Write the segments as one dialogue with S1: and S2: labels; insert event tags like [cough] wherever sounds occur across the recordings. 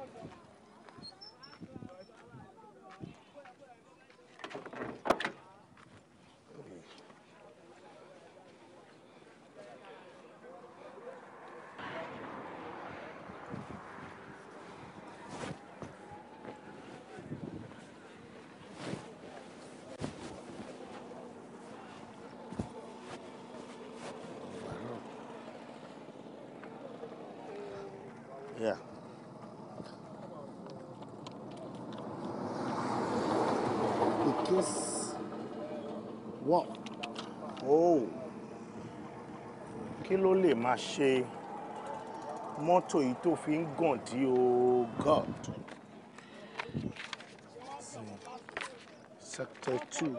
S1: Gracias. kí ló lè máa ṣe mọ́tò yìí tó fi ń gàn dí o god sector two.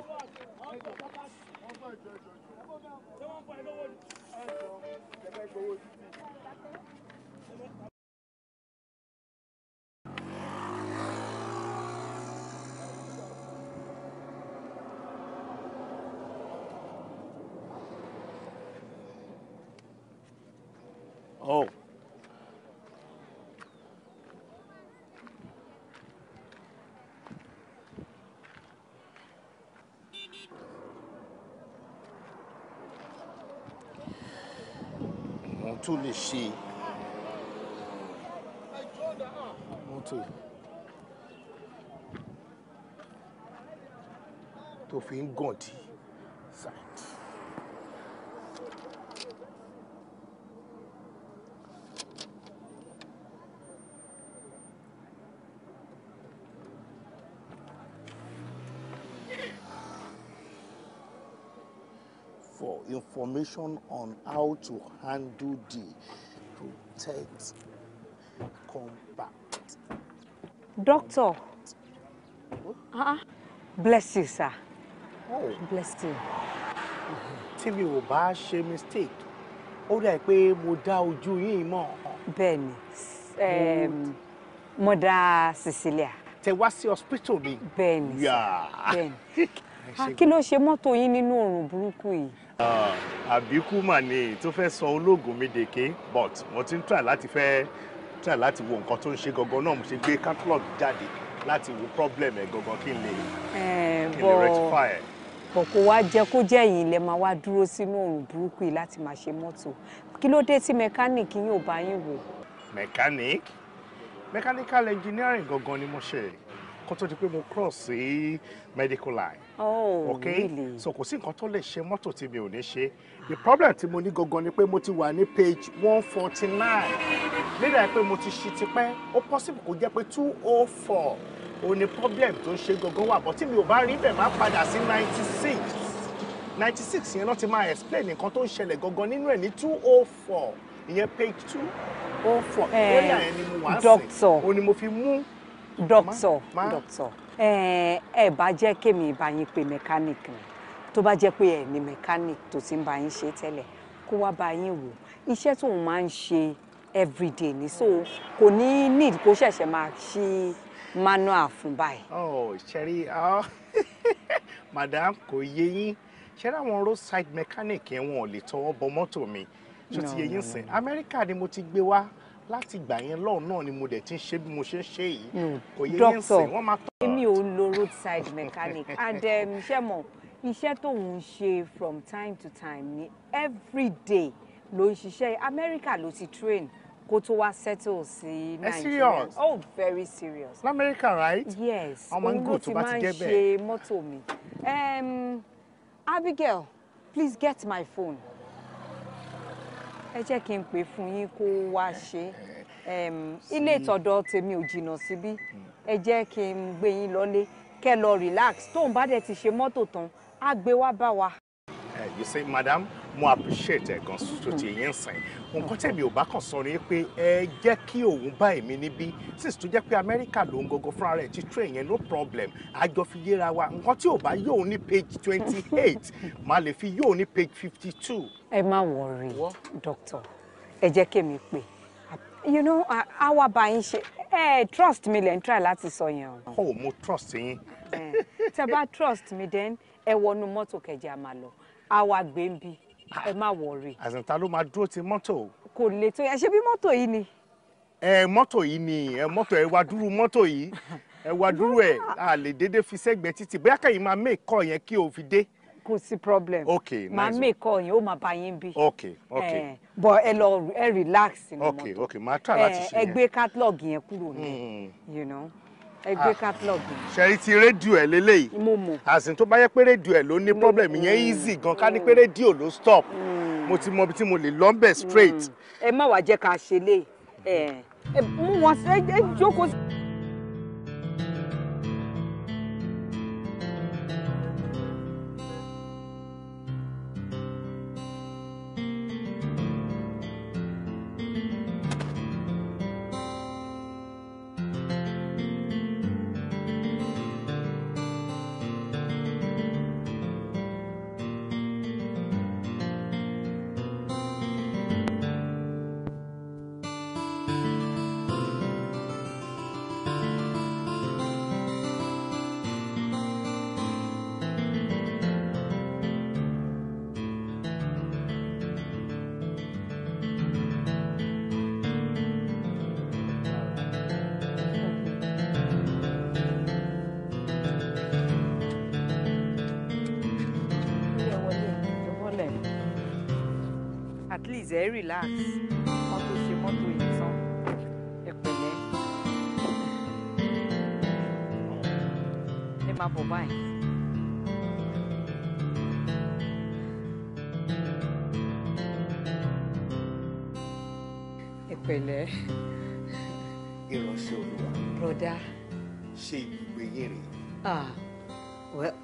S1: mọ́tò lè ṣe mọ́tò tó fi ń gàn dí. information on how to handle the protect combat.
S2: Doctor. Uh-uh. Bless you, sir. Oh. Bless you. Tí mi buy she mistake, ó dà pé mo dá ojú yín mọ̀. Bẹ́ẹ̀ni, Cecilia. Tẹ wá sí hospital ni. Bẹ́ẹ̀ni, bẹ́ẹ̀ni. [laughs] Ah, kí ló ṣe mọ́tò yín nínú òrùn burúkú yìí? Ah, àbíkú mà ní tó
S1: fẹ́ sọ ológun mi dèké but mo ti ń try láti fẹ́ try láti wo nǹkan tó ń ṣe gangan náà mo ṣe gbé catalog jáde láti wo problem ẹ̀ gangan kí n lè
S2: kí n rectify ẹ̀ pọ̀ kó wá jẹ́ kó jẹ́ ẹ̀yin lẹ máa wá dúró sínú òrùn burúkú yìí láti máa ṣe mọ́tò kí ló dé tí mẹkáníìkì yóò bá yín wò.
S1: mechanic mechanical engineering gangan ni mo ṣe kó tó di pé mo cross sí medical line
S2: oh, ok
S1: so kò sí nǹkan tó lè ṣe mọ́tò tí mi ò ní ṣe the problem tí mo ní gangan ni pé mo ti wà ní page one forty nine nígbà pé mo ti ṣí tipẹ́ ó possible kó jẹ́ pé two oh four ó ní problem tó ń ṣe gangan wà bọ́ tí mi ò bá rí bẹ̀ máa padà sí ninety six ninety six yẹn náà ti máa explain nǹkan tó ń ṣẹlẹ̀ gangan nínú ẹ̀ ní two oh four ìyẹn page two oh four eh, area yẹn ni mo wá sí òun ni mo fi mú. doctor
S2: doctor ẹ bá jẹ́ kémi ìbá yín pé mechanic ni tó bá jẹ́ pé ẹ ní mechanic tó ti ń bá yín ṣe tẹ́lẹ̀ kó wá bá yín wò iṣẹ́ tóun máa ń ṣe everyday ni so kò ní need kó ṣẹ̀ṣẹ̀ máa ṣí manual fún báyìí. ọ oh, ṣẹ́rí ah,
S1: [laughs] madam kò yé yín ṣẹ́rí àwọn roadside mechanic yẹn wọn ò lè tọwọ́ bọ mọ́tò mi tó ti yé yín sìn amẹ́ríkà ni mo ti gbé wá láti ìgbà yẹn lọ́hùn náà ni mo dẹ̀ ti ń ṣe bí
S2: mo ṣe ń ṣe yìí hmm. kò yẹ yẹn sìn wọ́n máa tọ́. èmi ò lo roadside mechanic and ṣe mọ iṣẹ́ tó ń ṣe from time to time ni every day ló ń ṣiṣẹ́ Amẹ́ríkà ló ti train kó tó wá settle sí Nigeria. serious oh very serious. lamẹ́ríkà right. yes òun ló ti máa ń ṣe mọ́tò mi. abigail please get my phone ẹ jẹ́ kí n pè fún yín kó wá ṣe ilé ìtọ́dọ̀ tèmi ò jìnnà síbí hmm. ẹ jẹ́ kí n gbé yín lọ́lé kẹ́ lọ relax tóun bá dẹ̀ ti ṣe mọ́tò tán á gbé wá bá wa
S1: Eh, you say madam mo appreciate ẹ gan tó ti yẹn sìn nǹkan tẹ̀mí ò bá kàn sọ ni pé ẹ jẹ́ kí òun bá èmi níbí since tó jẹ́ pé amẹ́ríkà ló ń gọ́gọ́ fúnra rẹ̀ ti train yẹn no problem àjọ fi yéra wa nǹkan tí ò bá
S2: yóò ní page twenty eight má lè fi yóò ní page fifty two. ẹ má wọrí doctor ẹ jẹ́ kémi pé you know àwa bá buying. ṣe ẹ trust me, lẹ́ try láti sọ yẹn o. ó oh, mo trust yín. Eh, tẹ bá trust me. then ẹ wọnú mọ́tò kẹjẹ a máa lọ àwa gbèǹbi ah. ẹ má wọrí. àzàntà ló
S1: máa dúró ti mọ́tò. kò lè tó yẹ ṣe bí mọ́tò yìí ni. ẹ mọ́tò yìí ni ẹ mọ́tò ẹ wá dúró mọ́tò yìí ẹ wá dúró ẹ a lè déédéé fi sẹ́gbẹ̀ẹ́ títì bóyá kẹ́yìn máa mé
S2: kọ́ yẹn kí o fi dé. kò sí problem. ok nice máa mé kọ́ yẹn ó máa bá yín bí. ok ok bọ ẹ lọ ẹ relax nínú mọ́tò. ok ok máa try láti ṣe yẹn. ẹ gbé catalog yẹn kúrò ní ẹgbẹ́ catalog. ṣẹ̀rí ti
S1: rédíò ẹ̀ lélẹ́yìí. mo mọ̀. àsìn tó bá yẹ pé rédíò ẹ̀ ló ní problem yẹn easy gan ká ní pé rédíò ló stop. Hmm. mo ti mọ ibi tí mo lè
S2: lọ́ńbẹ̀ straight. Hmm. ẹ má wàá jẹ́ ká ṣe lé ẹ mú wọn ṣe é jókòó. please ẹ relax wọn tó ṣe mọ́tò yìí tán ẹ pẹ̀lẹ́ ẹ máa bọ̀ báyìí. ẹ pẹ̀lẹ́. olúwa. broda. ṣe ìgbìgbè yín rèé. ah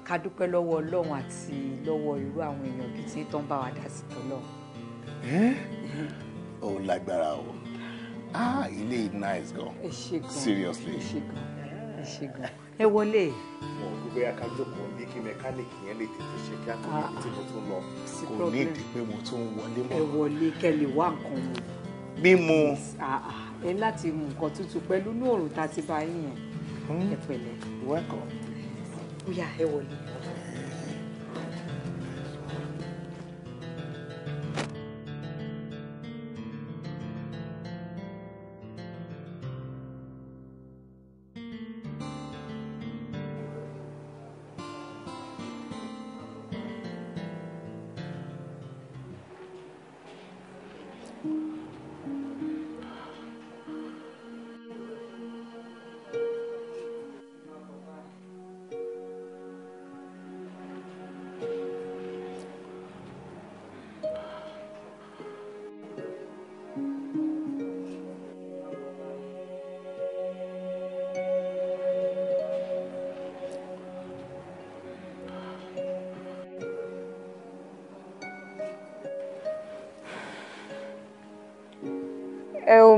S2: ká dúpẹ́ lọ́wọ́ ọlọ́run àti lọ́wọ́ irú àwọn èèyàn bíi tí tó ń bá wa dá sí tọ́lọ́run
S1: ó lágbára o ah ilé yìí nice gan seriously ẹ wọlé. mo ń gbé bóyá ká jókòó kí mẹkáníìkì yẹn lè tètè ṣe kí akọ̀wé tí mo tún lọ ah, kò ní ìdí pé mo tún wọlé mọ́. ẹ wọlé
S2: kẹ́ lè wá nǹkan mu. mímu. Ah, ah, ẹ láti mú nǹkan tútù pẹ̀lú ní òòrùn tá a ti bá yín yẹn. Hmm? ẹ pẹ̀lẹ́. welcome. ó yá ẹ wọlé.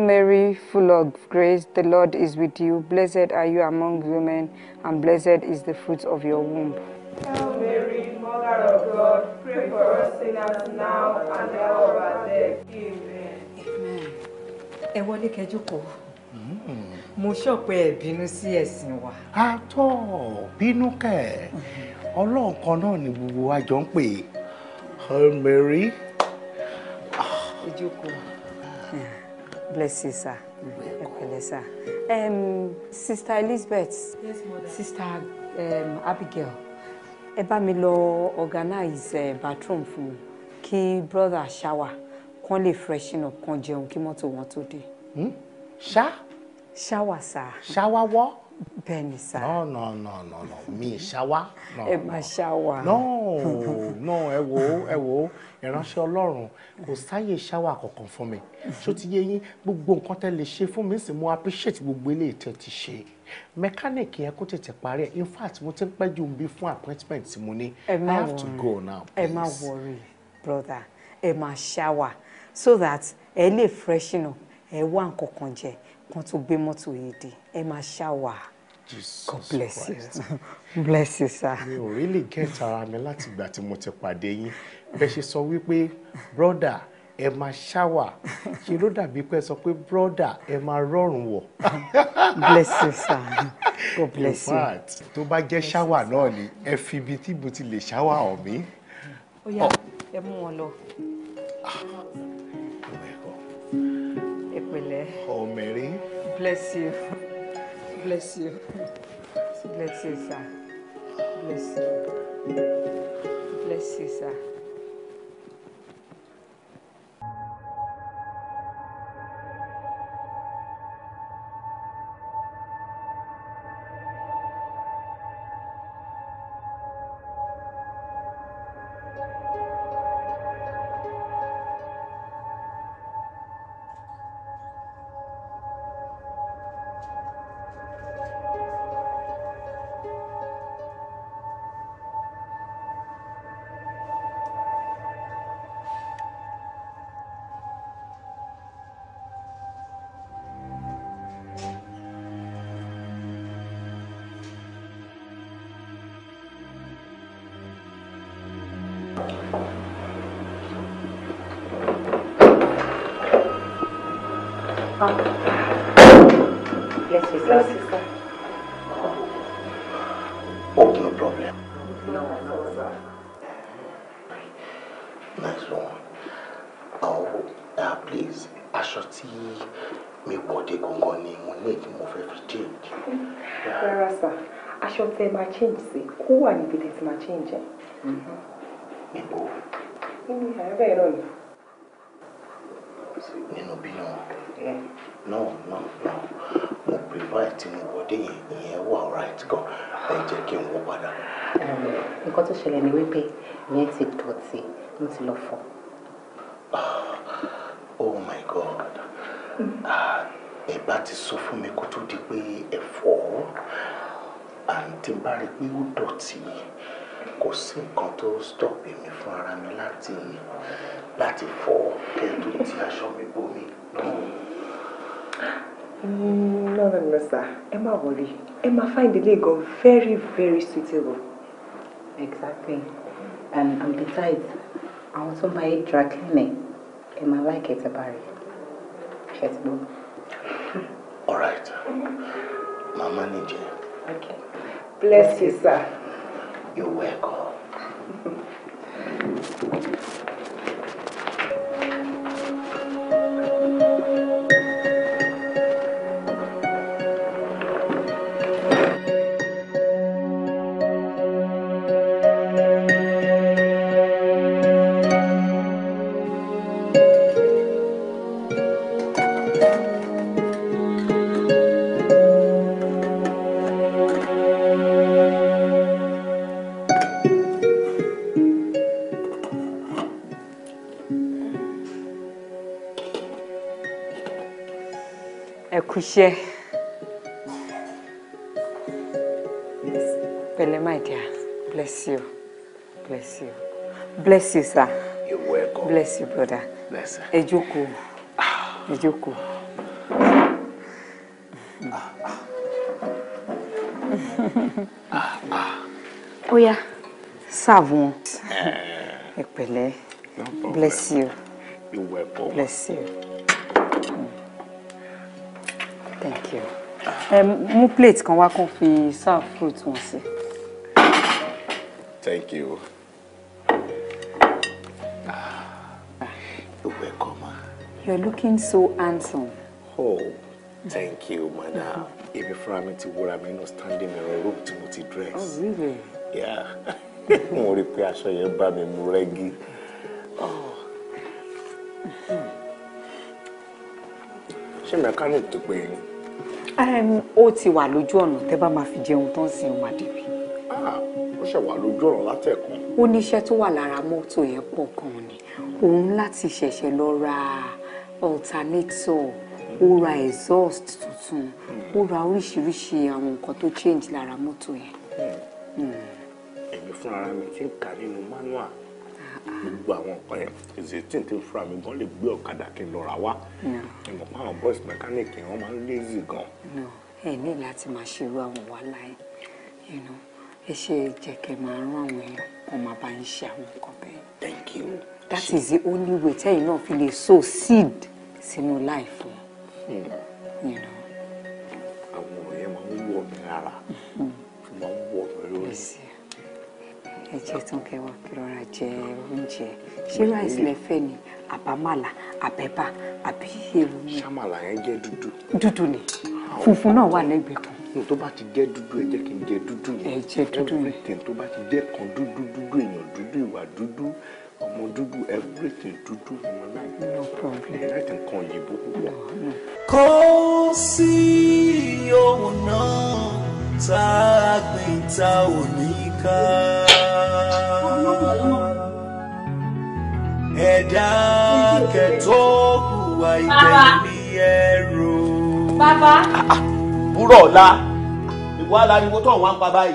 S2: Mary, full of grace, the Lord is with you. Blessed are you among women, and blessed is the fruit of your womb. Hail Mary, Mother of God, pray for us sinners now and at our hour of death. Amen. Amen. Ẹ wọlé kẹjọ́kọ̀. Mo ṣọ̀pẹ́ ẹ̀ bínú sí ẹ̀sìn wa. A tọ́ bínú kẹ̀. Ọlọ́run
S1: kan náà ni gbogbo wa jọ ń pè. Hail Mary.
S2: Ìjókòó bless you sir ẹ pẹ̀lẹ́ sir um, sister Elizabeth yes, sister um, Abigail ẹ bá mi lọ organize uh, bathroom fún mi kí brother shower kán lè freshen up kán jẹun kí mọ́tò wọn tó dé. ṣá. ṣáwà sá. ṣáwà wọ́ bẹ́ẹ̀ ni sá. no no no no no mi ṣáwá. ẹ má ṣáwá. no
S1: no ẹ wo ẹ wo ìránṣẹ́ ọlọ́run kò sáyè ṣáwà kankan fún mi ṣó ti yé yín gbogbo nǹkan tẹ́ lè ṣe fún mi sì mo appreciate gbogbo eléyìí tẹ́ ti ṣe mẹkáníìkì yẹn kó tètè parí ẹ in fact mo ti ń pẹ́ ju bí fún appointment tí mo ní i have to go now please. ẹ má
S2: worry brother ẹ má ṣáwà so that ẹ lè freshen up ẹ wá nǹkan kan jẹ kan tó gbé mọ́tò yìí dé ẹ máa ṣàwà. God bless you [laughs] bless you sir. mi ò rí lè
S1: gẹ́ẹ̀tì ara mi láti ìgbà tí mo ti pàdé yín bẹ́ẹ̀ ṣe sọ wípé brother ẹ máa ṣàwà ṣe ló dàbí pé sọ pé brother ẹ máa rọrùn wọ̀. [laughs] bless you sir God bless you. in fact tó bá jẹ́ ṣàwà náà ni ẹ fi ibi tí mo ti lè ṣàwà hàn mí.
S2: ó yá oh. ẹ mú wọn lọ
S1: pẹ̀lẹ́. Oh Mary.
S2: Bless you. Bless you. Bless you, sir. Bless you. Bless you, sir.
S1: Bless you, sir. sir. no problem. Nice one. Oh, uh, please, aṣọ tí mi wọ̀de gangan ni mo ní ìdí mo fẹ́ fi
S2: change. Rárá sà, aṣọ tẹ máa change sí, kó wà níbi tẹ ti change ẹ̀.
S3: Mm-hmm bẹ́ẹ̀
S2: náà ni. nínú bílíọ̀nù
S1: náà náà náà mo prefer tí mo wọ̀dé yẹn ìyẹn wà right gan ẹ jẹ́ kí n wọ padà. nǹkan tó ṣẹlẹ̀ ni wípé ìyẹn ti dọ̀tí mo ti lọ fọ. [sighs] oh my god ah, ẹ bá ti sọ fún mi kó tó di pé ẹ fọ àǹtí bá rí pé ó dọ̀tí yìí kò sí nǹkan tó stop mi fún ara mi láti láti fọ kẹ́ẹ̀tù tí aṣọ mi bomi lọ́wọ́. Mm, no no no sir
S2: ẹ má wọlé ẹ má find the leg very very suitable. exactly and and besides àwọn tó ń bá yé dry cleaning ẹ máa láìkẹ́ tẹ bá rí ti gbọ́.
S1: all right màmá nìjẹ. okay bless you sir. You're welcome. [laughs]
S2: kúṣẹ́ pẹ̀lẹ́ my dear bless you bless you bless you sir you're welcome bless you brother bless you ẹ jókòó ẹ jókòó. ó yá serve eh. bless you you're welcome bless you. mú plate kan wá kó fi serve fruit wọn sí.
S1: thank
S3: you.
S2: Ah, you're welcome. You're looking so handsome. Oh, thank you, madam. Èmi
S1: fúnra mi ti wúra mi nínú standing a room tí mo ti dress. Oh, really? Yeah. [laughs] Mo rí pé aṣọ yẹn bá mi Oh. rẹ́gí.
S2: Mm-hmm. Ṣé mechanic tó pé yín? ó ti wà lójú ọ̀nà tẹ́ bá máa fi jẹun tán sí ọmọ àdébí. Ah, ó ṣe wà lójú ọ̀nà látẹ̀kùn. ó ní iṣẹ́ tó wà lára mọ́tò yẹn pọ̀ gan ni òun láti ṣẹ̀ṣẹ̀ lọ ra alternator ó ra exhaust tuntun ó ra oríṣiríṣi àwọn nǹkan tó change lára mọ́tò yẹn. èmi hmm.
S1: hmm. fúnra mi ti ń kà nínú manual
S2: gbogbo
S1: àwọn nǹkan yẹn ìṣètìn tí fúra mi gan lè gbé ọ̀kadà kí n lọ wá ìmọ̀ pa àwọn boys mechanic yẹn máa ń lézì gan.
S2: ẹ ní láti máa ṣe irú àwọn wàhálà yẹn ẹ ṣe jẹ́kẹ́ máa rán àwọn èèyàn kó máa bá yín ṣe àwọn nǹkan bẹ́ẹ̀. thank you. that is the only way tẹ́yìn náà fi lè so seed sínú láìfọ. Hmm. àwọn ọ̀rẹ́ máa ń wọ̀ mí rárá máa ń wọ̀ mí lórí ẹ jẹ́ tán kẹwàá kí jẹ oúnjẹ ṣé ráìsì lẹ fẹ́ ni àbámàlà àbẹ́bà àbí èrò mi. sàmàlà yẹn jẹ́ dúdú. dúdú ni funfun náà wà lẹ́gbẹ̀ẹ́
S1: kan. nù tó bá ti jẹ́ dúdú ẹ jẹ́ kí n jẹ dúdú yẹn. ẹ jẹ dúdú yẹn. everything tó bá ti jẹ́ kan dúdú dúdú èèyàn dúdú ìwà dúdú ọmọ dúdú everything dúdú ọmọ náà. no problem. ẹ láti òyìnbó púpọ̀. kò sí ohun náà tá a gbìn tá ò ní ká ẹ̀dá kẹtọ́ hùwà ìgbẹ̀yìn ẹ̀rọ. bàbá. búrọ̀ ah, ah, ọ̀la ìwọ aláriwo tó wọ́n pa báyìí.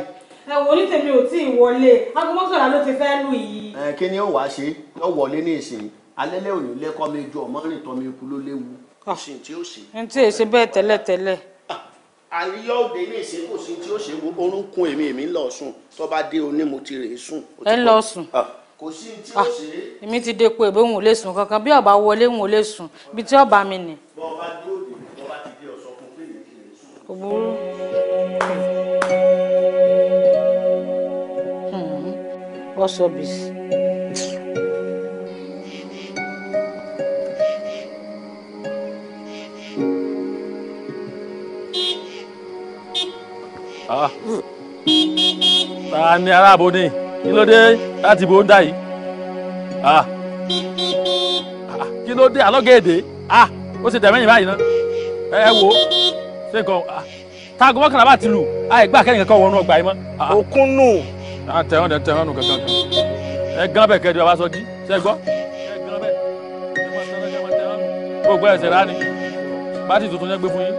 S3: ẹ wò ní tèmi ò tí ì wọlé aago mọ́kànlá ló ti fẹ́ lù yìí.
S1: kí ni ó wàá ṣe ó wọlé ní ìsìn alẹ́lẹ́ òní lẹ́kọ́ mi ju ọmọ rìn tọ́ mi kú ló léwu. ǹ ah.
S3: tí ì ṣe bẹ́ẹ̀ tẹ́lẹ̀
S1: àríyá òde ilé ìṣe kò sí tí ó ṣe orúnkún èmi èmi ń lọ sùn tó bá dé oní mo ti rè sùn.
S3: ẹ lọ sùn
S1: kò sí tí ó ah, ṣe.
S3: èmi ti dé pé òun ò lè sùn kankan bí ọba wọlé òun ò sùn ibi tí ọba mi nì. bọ́ọ̀ba dúró dè bọ́ọ̀ba ti dé ọ̀sán pé èmi kì í sùn. kò burú. wọ́n hmm.
S4: Ah. ta ni aráàbò ni kí ló dé láti bò ń dà yìí ah. Ah, kí ló dé alọ́gẹ̀ẹ́dẹ́ ó ṣe tẹ̀mẹ́yìn báyìí náà ẹ wo ṣé nǹkan táàgó mọ́kànlá bá ti lù àìgbà kẹ́nìkan kan wọnú ọgbà yìí mọ́. òkun nù. tẹ̀wọ́n dẹ̀ tẹ̀wọ́n nù kankan ẹ gán bẹ̀ kẹ́dùn abasọ́jí ṣẹ́ gbọ́. gbogbo ẹ̀sẹ̀ rání bá ti tuntun yẹn gbé fún yín.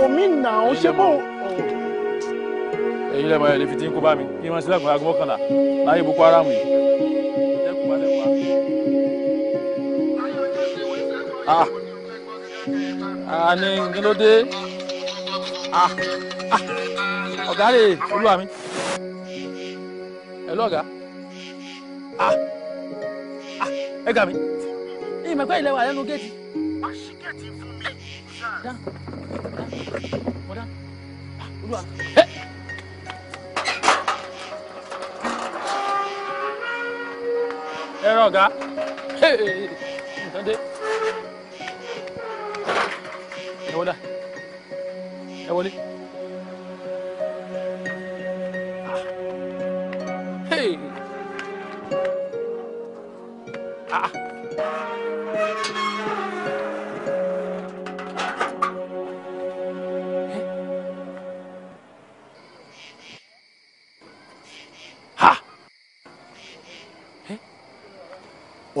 S1: wò mí nà ó ṣe bó.
S4: ẹ̀yin lẹ́mọ̀ ẹ̀ lè fi tí ń kó bá mi kí wọ́n sílẹ̀kùn aago mọ́kànlá láyé boko haram yìí. àní ah, ah, kí ló dé ah, ọ̀gá rè olúwa mi ẹ̀ lọ́gàá ẹ gà mí. ìmọ̀ ẹgbẹ́ ìlẹ̀wà lẹ́nu géètì. wọ́n ṣí géètì fún mi ẹ rọ ọgá nǹkan dé ẹ wọlé ẹ wọlé. Ah. ah.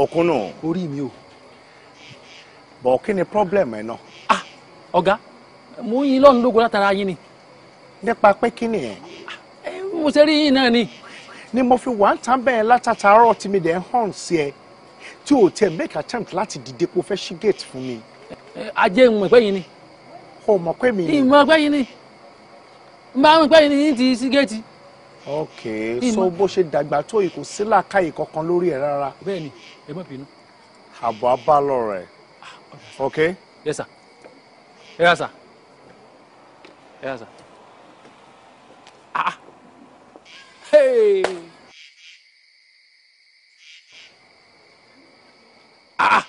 S1: òkun náà! orí mi o. bọ̀ kí ni problem ẹ̀ náà. ah ọ̀gá mo ń yin lọ́nù lógo látara yín ni. nípa pé kí nìyẹn. Eh, mo ṣe rí yín náà ni. ni mo fi wà ń tán bẹ́ẹ̀ látàtàárọ̀ tí mi dẹ̀ ń hàn sí ẹ tí o tẹ make attempt láti dìde kó fẹ́ ṣí gate fún mi. Eh, ajé ń mọ̀ yín ni. o mọ̀ pé mi. ìmọ̀
S4: pé yín ni. ń bá ń pè yín ni yín ti ṣí gate.
S1: ok so bó ṣe dàgbà tó yìí kò sí làákàyè kankan lórí ẹ rárá. bẹ́ẹ̀ni ẹ má bínú. àbọ̀
S4: abálọ̀ rẹ̀ ah, ok. yes sir yes sir yes sir ah hey. ah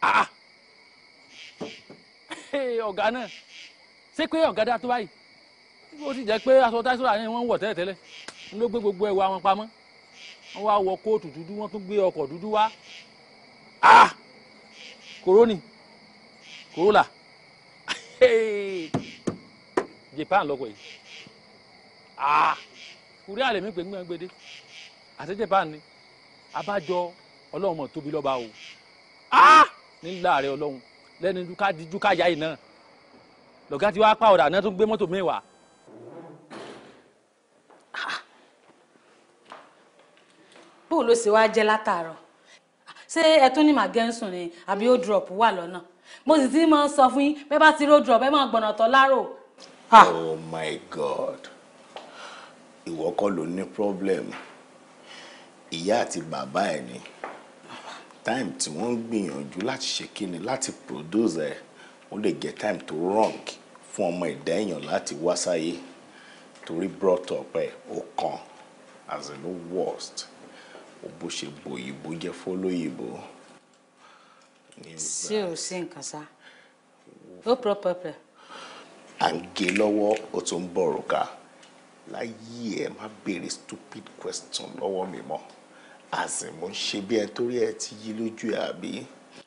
S4: ah ọ̀gá náà ṣé pé ọ̀gá dá tó báyìí ó sì jẹ́ pé aṣọ táìsọ́rà yẹn wọ́n ń wọ̀ tẹ́lẹ̀tẹ́lẹ̀ ló gbé gbogbo ẹ̀wà wọn pamọ́ wọ́n wá wọ kóòtù dúdú wọ́n tún gbé ọkọ̀ dúdú wá ah kòró ni Japan lọkọ̀ yìí ah orí àlẹ́ mi pè ń gbẹ́ngbẹ́dé àti Japan ni abájọ ọlọ́run mọ̀ tóbi lọ́ba o ah nílá rẹ ọlọ́run lẹ́nu dúkàdíjú káyà yìí náà lọ́gá tí wàá pàwọ̀dà náà tún gbé mọ́tò mẹ́wàá.
S3: bóò ló ṣe wá jẹ́ látàárọ̀ ṣé ẹ tún ní màgẹ́nsùn ni àbí ó drop wà lọ́nà mo sì ti máa ń sọ fún yín bẹ́ẹ̀ bá ti ró drop ẹ máa gbọ̀nà tán láró.
S1: oh my god ìwọ kọ́ ló ní problem ìyá àti bàbá ẹ ni time tí wọ́n ń gbìyànjú láti ṣe kíni láti produce ẹ ó lè jẹ́ time tó wrong fún ọmọ ẹ̀dá èèyàn láti wá sáyé torí brought up ẹ ó kan as in the worst bó ṣe bòyìnbó jẹ́ fọ́lóyìnbó.
S3: sí o sí nǹkan sá ó pọ̀ pẹ̀pẹ̀.
S1: à ń gé e lọ́wọ́ ó tún ń bọ̀rù ká láyé ẹ má béèrè stupid question lọ́wọ́ mi mọ́ àsìn mo ń ṣe bí ẹ torí ẹ ti yí lójú ẹ àbí.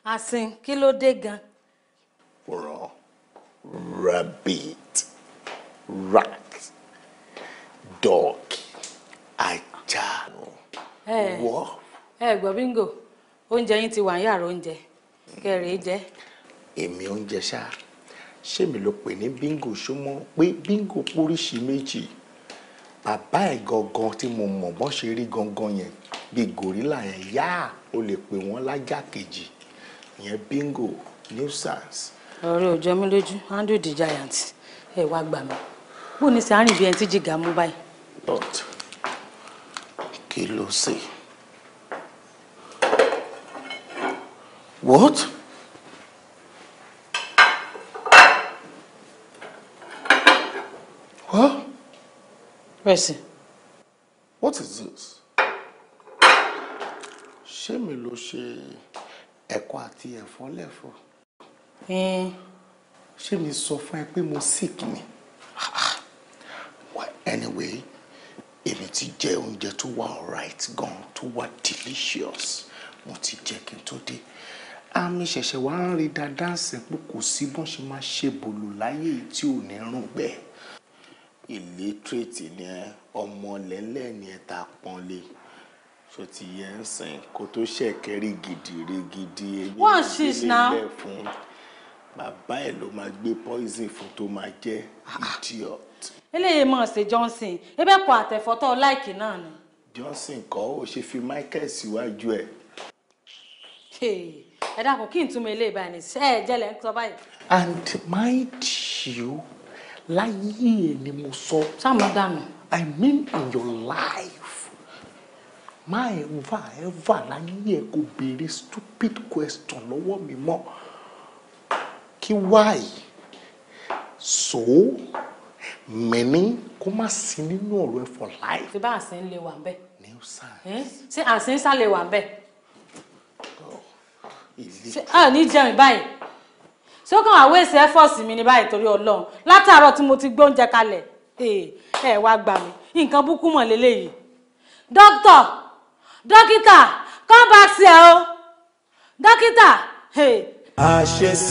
S3: àsìn kí ló dé gan.
S1: ràn rabbit rat dog ajá
S3: wọ́. ẹ gbọ́ bíngò oúnjẹ yín ti wà ní yàrá oúnjẹ kẹrìí jẹ.
S1: èmi oúnjẹ ṣá ṣé mi ló pè ní bíngò ṣọmọ pé bíngò póríṣi méjì bàbá ẹ̀ gangan tí mo mọ̀ bọ́n ṣe rí gangan yẹn bíi gòrílà yẹn yá o lè pè wọ́n lájà kejì ìyẹn bíngò nuisance.
S3: ọ̀rẹ́ ò jọ mí lójú andrew the giant ẹ̀ wá gbà mí bó ní sàárín bíi ẹni tí jìgà mú báyìí
S1: kí ló ṣe.
S3: What? What? Mercy.
S1: What is this? Ṣé mi ló ṣe ẹ̀kọ́ àti ẹ̀fọ́ lẹ́fọ́? Eh. Ṣé mi sọ fún ẹ pé mo sick ni? Ah, ah. Anyway èmi ti jẹ oúnjẹ tó wà alright gan tó wà delicious mo ti jẹ kí n tó dé àmì ṣẹ̀ṣẹ̀ wá ń rí dáadáa ṣe pé kò sí bọ́n ṣe máa ṣe bòlò láyé tí ò ní rùn bẹ́ẹ̀ illiterate ni ẹ ọmọ lẹ́lẹ́ ni ẹ ta pọ́nlé So ti yẹ ń sìn kó tó ṣẹ̀kẹ́ rigidi rigidi èyí ló ti lélẹ̀ fún bàbá ẹ̀ ló máa gbé poison fún tó máa jẹ́ ah, ah. idiot
S3: eléyìí mọ̀ ṣe johnson ebe kọ àtẹ̀fọ́tọ̀ láìkì náà ni.
S1: johnson kọ́ ó ṣe fi michael síwájú ẹ̀.
S3: ẹ dákun kí n túmọ̀ eléyìí báyìí ṣe ẹ jẹ́lẹ̀ ń sọ báyìí.
S1: and mind you láyé ẹ ni mo sọ. sáàmù dànù. i mean in your life má ẹ̀fà ẹ̀fà láyé ẹ kò béèrè stupid question lọ́wọ́ mi mọ́ kí wáyé so mẹ́ni kó má sí nínú ọ̀rọ̀ ẹ for
S3: life. ṣé bá àṣẹ ń lè wà bẹ́ẹ̀. new science. ṣé àṣẹ ń sálẹ̀ wà bẹ́ẹ̀. ṣé ẹ ní jẹun báyìí ṣé ó kàn wá wéèsì ẹ́fọ́ọ̀sì mi ní báyìí torí ọlọ́run látàárọ̀ tí mo ti gbóúnjẹ kalẹ̀ eh, ẹ wá gbà mí nǹkan búkú mọ̀ lélẹ́yìí dókítà dókítà come back here o dókítà. Hey.
S1: àṣẹ